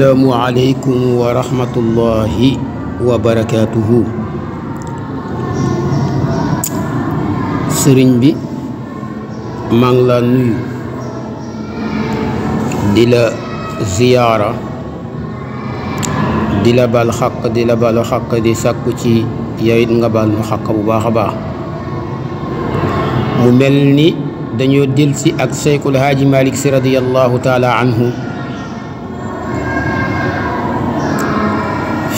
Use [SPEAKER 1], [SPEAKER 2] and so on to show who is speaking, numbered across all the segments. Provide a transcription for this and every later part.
[SPEAKER 1] assalaamu aleykum wa rahmatullahi wa barakaatuhu sëriñ bi maa ngi laa nuyu la ziyaara di la xaq di la balu xaq di sàkku ci yowit nga bal nu xaq bu baax a baax mu mel ni dañoo delsi ak Seykul Haaji Malik Si radiyallahu taala anhu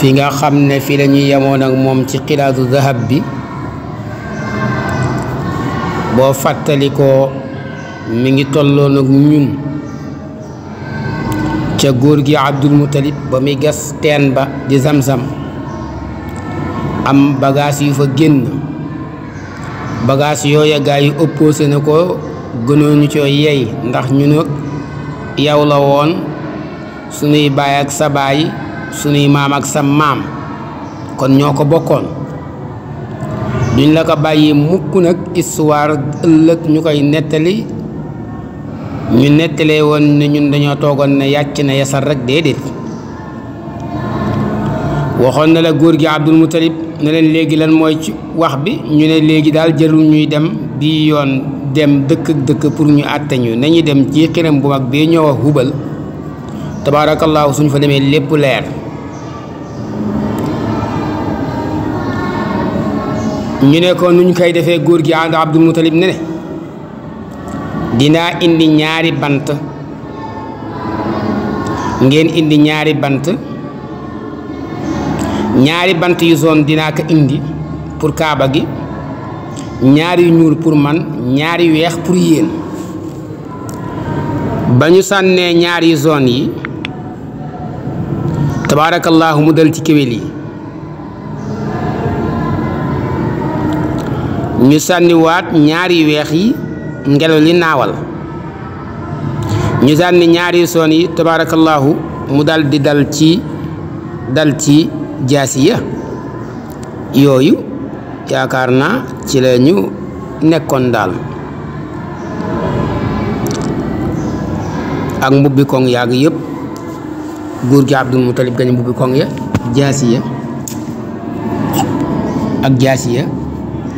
[SPEAKER 1] fi nga xam ne fii lañuy ñuy yemoon ak moom ci xilaatu zahab bi boo fàttalikoo mu ngi tolloon ak ñun ca góor gi Abdul Mutalib ba muy gas teen ba di zam-zam am bagaas yu fa génn bagaas yoo gaa yi opposé na ko gënooñu coo yey ndax ñu nag yow la woon sunuy baay ak sa baay sunuy maam ak sa maam kon ñoo ko bokkoon duñ la ko bàyyi mukk nag histoire ëllëg ñu koy nettali ñu nettalee woon ne ñun dañoo toogoon ne yàcc na yasar rek déedéet waxoon na la góor gi Abdul Mutalib ne leen léegi lan mooy ci wax bi ñu ne léegi daal jërul ñuy dem bii yoon dem dëkk dëkk pour ñu àtte ñu nañu dem ci xiram bu mag bii ñoo wax hubal tabaarakallaahu suñ fa demee lépp leer ñu nekkoon ko nuñ koy defee góor gi ànd Abdul Mutalib ne dinaa indi ñaari bant ngeen indi ñaari bant ñaari bant yu zone dinaa ko indi pour kaaba gi ñaari yu ñuul pour man ñaari weex pour yéen ba ñu sànnee ñaari zone yi tabaarakallaahu mu dal ci kéwél yi ñu sànniwaat ñaari weex yi ngelaw li naawal ñu sànni ñaari soon yi tabaarakallaahu mu daldi dal ci dal ci jaasiya yooyu yaakaar na ci la ñu nekkoon daal ak mbubbi koŋ yàgg yëpp guur gi Abdul Mutalib gañ mbubbi ya jaasiya ak jaasiya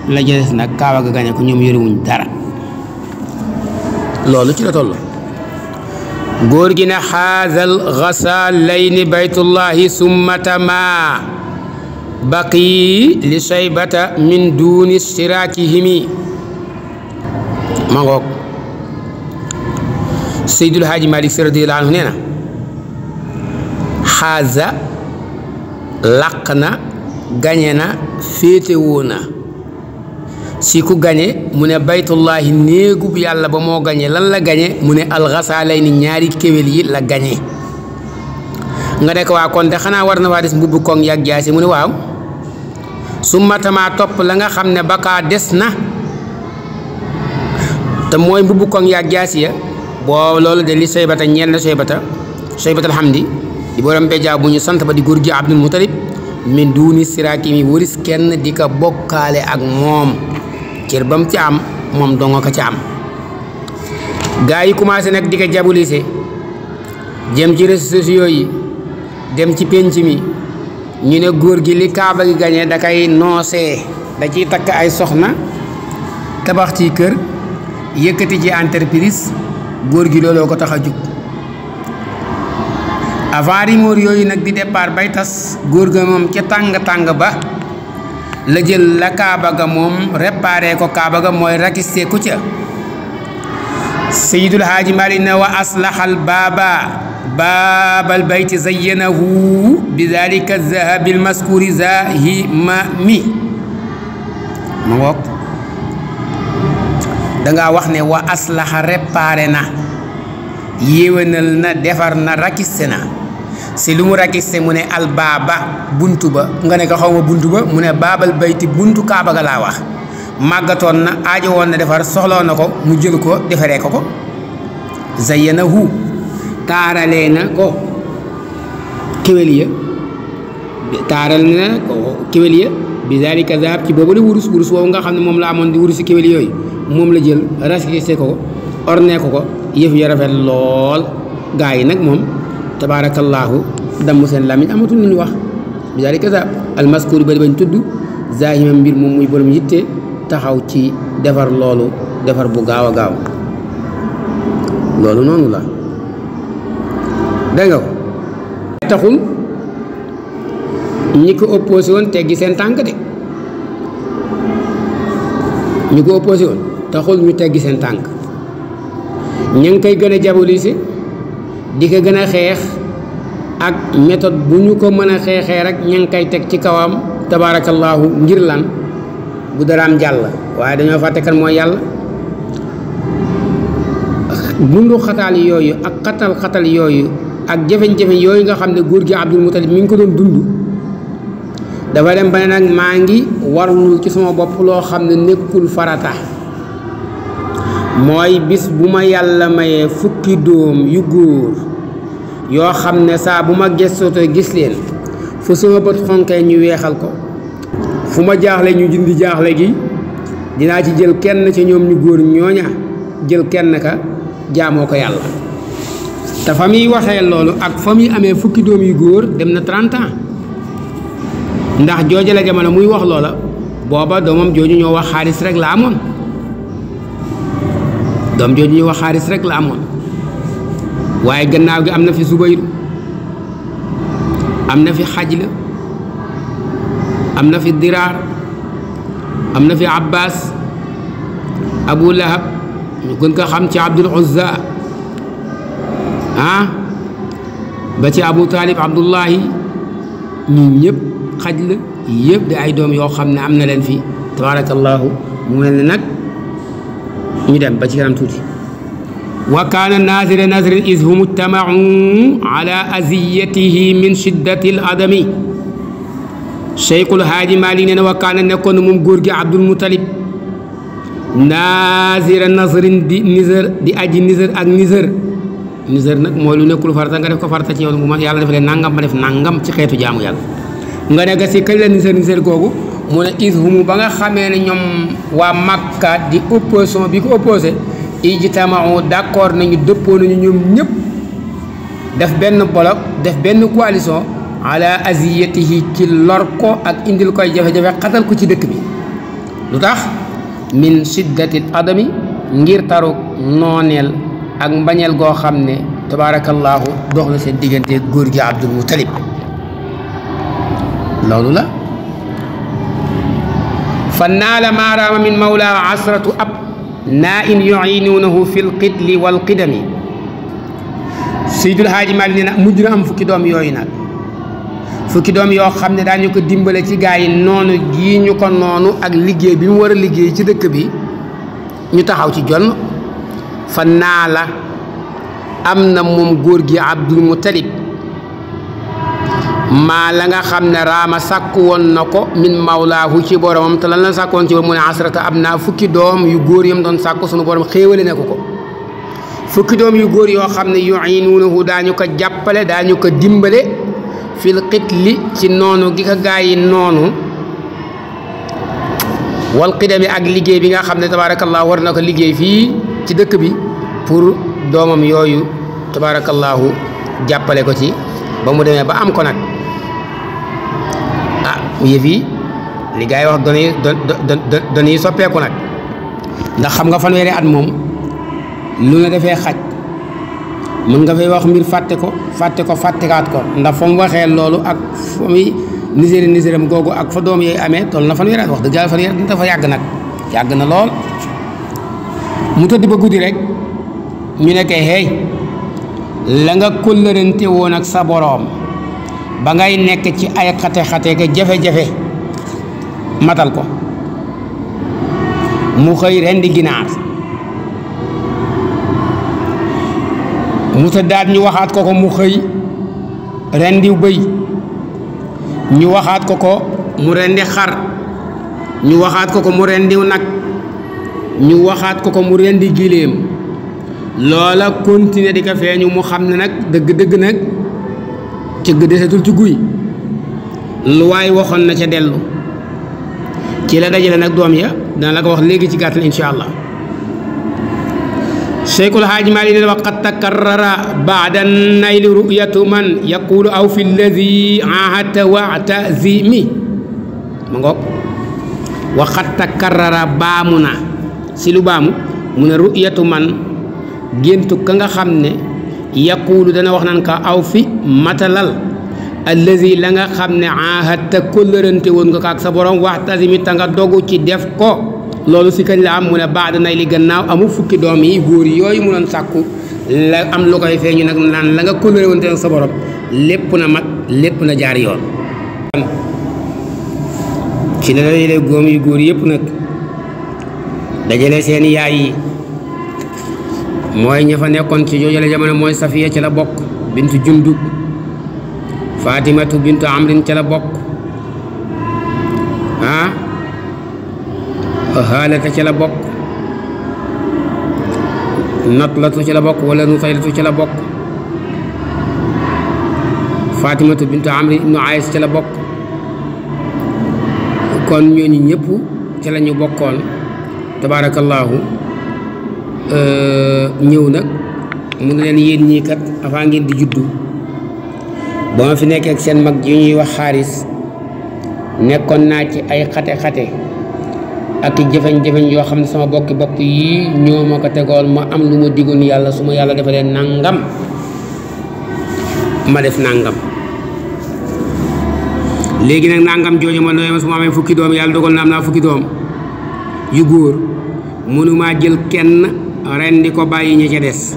[SPEAKER 1] la ca des nag kaawa ga gañe ko ñoom yorewuñ dara loolu ci la toll góor gi ne xaazal xasalayni baytullahi summata ma baqi li shaybata min duuni shiraakihimi ma Seydul Haaji Malik Si radiyallaahu anhu nee na xaaza làq na gañe si ku gañe mu ne baytullahi néegub yàlla ba moo gañe lan la gañe mu ne alxasaalay ni ñaari kéwél yi la gañe nga ne ko waa kon de xanaa war na waa des mbubb koŋ yàgg jaasi mu ne waaw su matamaa topp la nga xam ne bakaa des na te mooy mbubb koŋ yàgg jaasi ya boo loolu de li soybata ñeel na soybata soybatal xamdi di borom béjaa bu ñu sant ba di góor gi abdul mutalib min duuni siraaki mi waris kenn di ko bokkaale ak moom cër ba mu ci am moom dongo ko ci am gaa yi commencé nag di ko jabulise jëm ci réseaux sociaux dem ci pénc mi ñu ne góor gi li kaaba gi gañee da koy noosee da ciy takk ay soxna tabax ci kër yëkkati ci entreprise góor gi looloo ko tax a jug avant rumeur yooyu nag di départ bay tas góor ga moom ca tàng-tàng ba la jël la kaaba ga moom réparé ko kaaba ga mooy rakiste ku ca sayidul haaji malik na wa aslaxal baaba baabal bayti zayyanahu bi dalika zahabil maskuri zahima mi ma ngoog danga wax ne wa aslaxa réparé na yéwénal na defar na rakiste na si lu mu rakiste mu ne al baaba buntu ba nga ne ko xaw ma buntu ba mu ne baabal bayti buntu kaaba ga laa wax màggatoon na aajo woon na defar soxloo na ko mu jël ko defaree ko ko zayyanahu taaralee na ko kéwél ya taaral na ko kéwél ya bi zalika boobu la wurus wurus woowu nga xam ne moom la amoon di wurus si kéwél yooyu moom la jël rakiste ko ko ko ko yëf ya rafet lool gaa yi nag moom tabaarakallaahu damm seen làmmiñ amatul lu ñu wax bi daal di kasaab almaskuur yu bëri bañ tudd zaahimam mbir moom muy borom yitte taxaw ci defar loolu defar bu gaaw a gaaw loolu noonu la dégg nga taxul ñi ko opposé woon teggi seen tànk de ñi ko opposé woon taxul ñu teggi seen tànk ña ngi koy gën a jabolise di ko gën a xeex ak metod bu ñu ko mën a xeexee rek ña ngi koy teg ci kawam tabaarakallaahu ngir lan bu daraam jàll waaye dañoo fàtte kan mooy yàlla bundu xataal yooyu ak xatal xatal yooyu ak jafeñ-jafeñ yooyu nga xam ne góor gi Abdul Mutalib mi ngi ko doon dund dafa dem ba ne nag maa ngi warlu ci sama bopp loo xam ne nekkul farata mooy bis bu ma yàlla mayee fukki doom yu góor yoo xam ne saa bu ma gëstoo gis leen fu sama bët xonkee ñu weexal ko fu ma jaaxle ñu jindi jaaxle gi dinaa ci jël kenn ca ñoom ñu góor ñooña jël kenn ka jaamoo ko yàlla te fa muy waxee loolu ak fa muy amee fukki doom yu góor dem na 30 ans ndax jooja la jamono muy wax loola booba doomam jooju ñoo wax xaalis rek la amoon doom jooju ñuy wax xaaris rek la amoon waaye gannaaw gi am na fi Zubayru am na fi Xajla am na fi Diraar am na fi Abbas Abu Lahab ñu gën ko xam ci Abdul Uzza ah ba ci Abu Talib Abdullahi ñi ñëpp Xajla yëpp de ay doom yoo xam ne am na leen fi tabarakallahu mu mel ne nag ñu dem ba ci kanam tuuti wa kaana nazira nazrin is hum ijtamau ala aziyatihi min shiddati l adami cheikhul haaji Maalik nee na wa kaana nekkoon moom góor gi Abdul Mutalib nazira nazrin di nizër di aji nizër ak nizër nizër nag mooy lu nekkul farata nga def ko farata ci yow bu ma yàlla defalee nangam ma def nangam ci xeetu jaamu yàlla nga nekk si kañ la nizër googu mu ne ishumu ba nga xamee ne ñoom waa Makka di opposition bi ko opposé ijtamau d'accord nañu dëppoo nañu ñoom ñëpp def benn bloc def benn coalition ala aziyatihi ci lor ko ak indil koy jafe-jafe xatal ko ci dëkk bi lu tax min shiddati adami ngir taru nooneel ak mbañeel goo xam ne tabaarakallaahu dox na seen diggante góor gi Abdul Mutalib loolu la fa naala maaraama min mawlaa asratu ab naa in yuinuunahu fi lqitli walqidami Seydul Haaji Maalik nee na mujj na am fukki doom yooyu nag fukki doom yoo xam ne daañu ko dimbale ci gaa yi noonu gii ñu ko noonu ak liggéey bi mu war a liggéey ci dëkk bi ñu taxaw ci jonn fa naala am na moom góor gi Abdul Mutalib maa la nga xam ne raama sàkk woon na ko min mawlaahu ci boromam te lan la sàkk woon ci borom mu ne asrata am naa fukki doom yu góor yam doon sàkk sunu borom xéewale na ko ko doom yu góor yoo xam ne yuinuunahu daañu ko jàppale daañu ko dimbale fil xitli ci noonu gi ko gaa yi noonu wal xidami ak liggéey bi nga xam ne tabaarakallahu war na ko liggéey fii ci dëkk bi pour doomam yooyu tabaarakallahu jàppale ko ci ba mu demee ba am ko nag yëf yi li gars yi wax données données yi soppeeku nag ndax xam nga fanweeri at moom lu ne dafay xaj mun nga fay wax mbir fàtte ko fàtte ko fàttekaat ko ndax fa mu waxee loolu ak fa muy niséri niséram googu ak fa doom yooyu amee toll na fanweeri wax dëgg yàlla fanweeri at dafa yàgg nag yàgg na lool mu tëdd ba guddi rek ñu ne kay la nga kóllërante woon ak sa ba ngay nekk ci ay xate-xate ga jafe-jafe matal ko mu xëy rendi ginaar mu tëddaat ñu waxaat ko ko mu xëy rendi bëy ñu waxaat ko ko mu rendi xar ñu waxaat ko ko mu rendi nag ñu waxaat ko ko mu rendi giléem loola continuer di ko feeñu mu xam ne nag dëgg-dëgg nag cëgg ci guy lu waay waxoon na ca dellu ci la dajale nag doom ya dana la ko wax léegi ci gàttal insha allah Cheikhul Haaj Maalik nee na wa qad takarrara baada baamu na si lu baamu mu ne ruyatu man géntu ka nga xam ne yàquwul dana wax naan ka aw fi matalal allazi la nga xam ne ahadta kóllërante woon nga ko ak sa borom waxtasimi ta nga dogu ci def ko loolu si kañ la am mu ne baada nay li gannaaw amu fukki doom yi góor yooyu mu doon sàkku la am lu koy feeñu nag naan la nga kóllëre woon ak sa borom lépp na mat lépp na jaar yoon ci la dajale góom yu góor yëpp nag dajale seen yaay yi mooy ña fa nekkoon ci joojale jamono mooy safiya ca la bokk bintu jundub fatimatu bintu amrin ca la bokk ah xaalata ca la bokk natlatu ca la bokk wala nutaylatu ca la bokk fatimatu bintu amrin ibnu ays ca la bokk kon ñooñu ñëpp ca la ñu bokkoon tabaarakallaahu Euh, ñëw nag mu ne leen yéen ñii kat avant ngeen di juddu ba ma fi nekkee ak seen mag yi ñuy wax xaaris nekkoon naa ci ay xate-xate ak i jëfeñ-jëfeñ yoo xam ne sama bokki bokk yi ñoo ma ko tegoon ma am lu ma digoon yàlla su ma yàlla defalee nangam ma def nangam léegi nag nangam jooju ma nooy ma su ma amee fukki doom yàlla dogal naa am naa fukki doom yu góor mënumaa jël kenn ren di ko bàyyi ñu ca des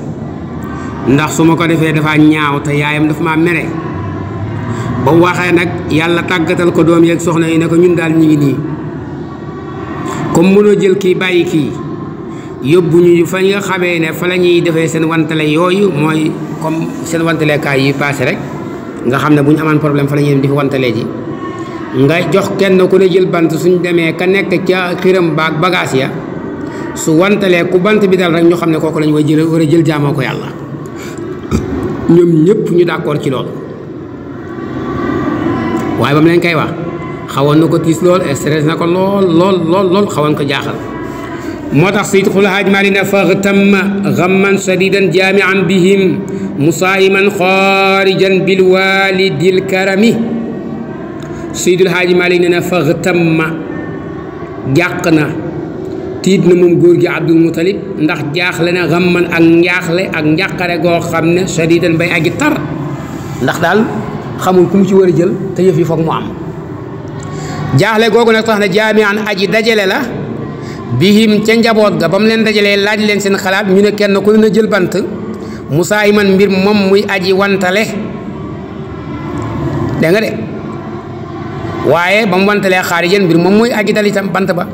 [SPEAKER 1] ndax su ma ko defee dafa ñaaw te yaayam dafa ma mere ba waxee nag yàlla tàggatal ko doom yeeg soxna yi ne ko ñun daal ñu ngi nii comme mënoo jël kii bàyyi kii yóbbu ñuy fa nga xamee ne fa la ñuy defee seen wantale yooyu mooy comme seen wantalekaay yi paase rek nga xam ne bu ñu amaan problème fa la ñuy dem di fa wantalee ji nga jox kenn ku ne jël bant suñ demee ka nekk ca xiram baag bagaas ya su wantalee ku bant bi dal rek ñoo xam ne kooku lañ war a jël war a jël jaamoo ko yàlla ñoom ñëpp ñu d'accord ci loolu waaye ba mu leen koy wax xawoon na ko tiis lool stress na ko lool lool lool lool xawoon ko jaaxal moo tax sayid xul haaj maali ne faxtamma xamman shadidan jaamian bihim musaayiman xaarijan bil walidil karami sayidul haaj maali ne na faxtamma jàq na tiit na moom góor gi Abdul Mutalib ndax jaaxle na xamman ak njaaxle ak njàqare goo xam ne sadiidan bay aji tar ndax daal xamul ku mu ci war a jël te yëf yi foog mu am jaaxle googu nag tax na jaamian aji dajale la bihim ca njaboot ga ba mu leen dajalee laaj leen seen xalaat ñu ne kenn ku ne jël bant musaa man mbir moom muy aji wantale dégg nga de waaye ba mu wantalee xaarijan mbir moom muy aji dal bant ba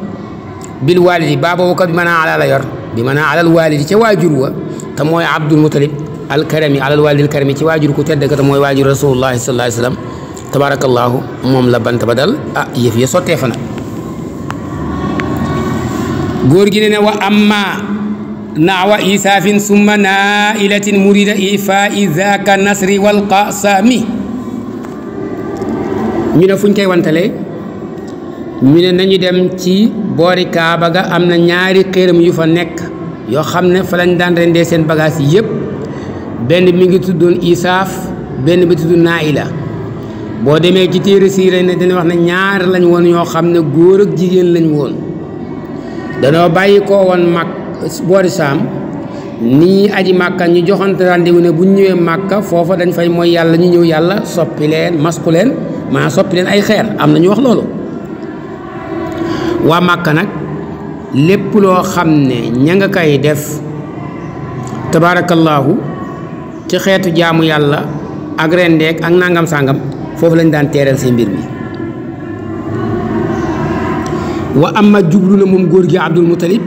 [SPEAKER 1] bil waalidi baa bi mën a alaa bi mën a alal waalidi ca abdul mutalib alkarami alal waalidil karami ci waajur ku tedd ka te mooy waajur rasulullahi sallallahu alayhi wa sallam tabaarakallaahu moom la bant ba dal ah yëf wa amma naawa isaafin summa naailatin murida ifa idaka nasri walqasami ñu ne fuñ ñu ne nañu dem ci boori Kaaba ga am na ñaari xërëm yu fa nekk yoo xam ne fa lañ daan rendee seen bagages yi yëpp benn mi ngi tuddoon Isaaf benn bi tudd Naila boo demee ci téere siira ne dañuy wax ne ñaar lañ woon yoo xam ne góor ak jigéen lañu woon danoo bàyyi koo woon mag boori saam ni aji màkka ñu joxante rendez-vous ne bu ñu ñëwee màkka foofa dañu fay mooy yàlla ñu ñëw yàlla soppi leen masku leen maa soppi leen ay xeer am na ñu wax loolu waa Màkka nag lépp loo xam ne ña nga kay def tabaarakallaahu ci xeetu jaamu yàlla ak rendeek ak nangam sàngam foofu lañ daan teeral seen mbir mi wa amma jublu na moom góor gi Abdul Muttalib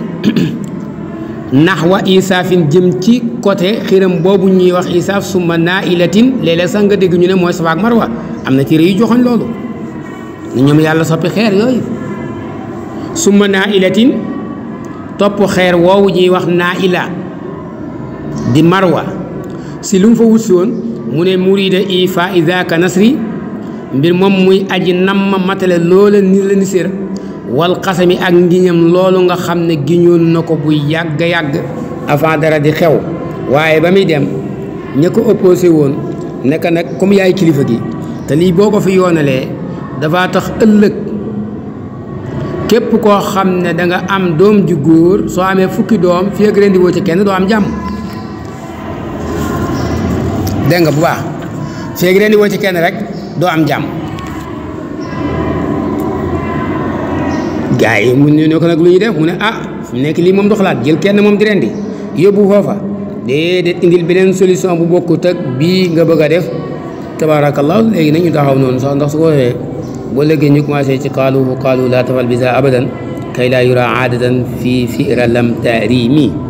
[SPEAKER 1] nax wa isaafin jëm ci côté xiram boobu ñuy wax isaaf suma naa ilatin léeg-léeg sax nga dégg ñu ne mooy Safa ak Marwa am na ci réew joxoñ loolu ñoom yàlla soppi xeer yooyu summa naailatin topp xeer woowu ñuy wax naa naaila di marwa si lu fa wut si woon mu ne murida ifa idaka nasri mbir moom muy aji nam ma matale loola ni la ni sér wal xasami ak ngiñam loolu nga xam ne giñoon na ko bu yàgg-yàgg avant dara di xew waaye ba muy dem ña ko opposé woon nekk nag comme yaay kilifa gi te lii boo ko fi yoonalee dafa tax ëllëg képp koo xam ne danga am doom ju góor soo amee fukki doom fii ak rendi woo ci kenn doo am jàmm dégg nga bu baax fii ak rendi woo ci kenn rek doo am jàmm gars yi mu ne ko nag lu ñuy def mu ne ah fu nekk lii moom du xalaat jël kenn moom di rendi yóbbu foofa déedéet indil beneen solution bu bokkut ak bii nga bëgg a def tabaarakallah léegi nañu taxaw noonu sax ndax su ko boo léegi ñu commencé ci qaalu qaalu laa tafal bisa abadan kay laa yura aadatan fi fira lam taarimi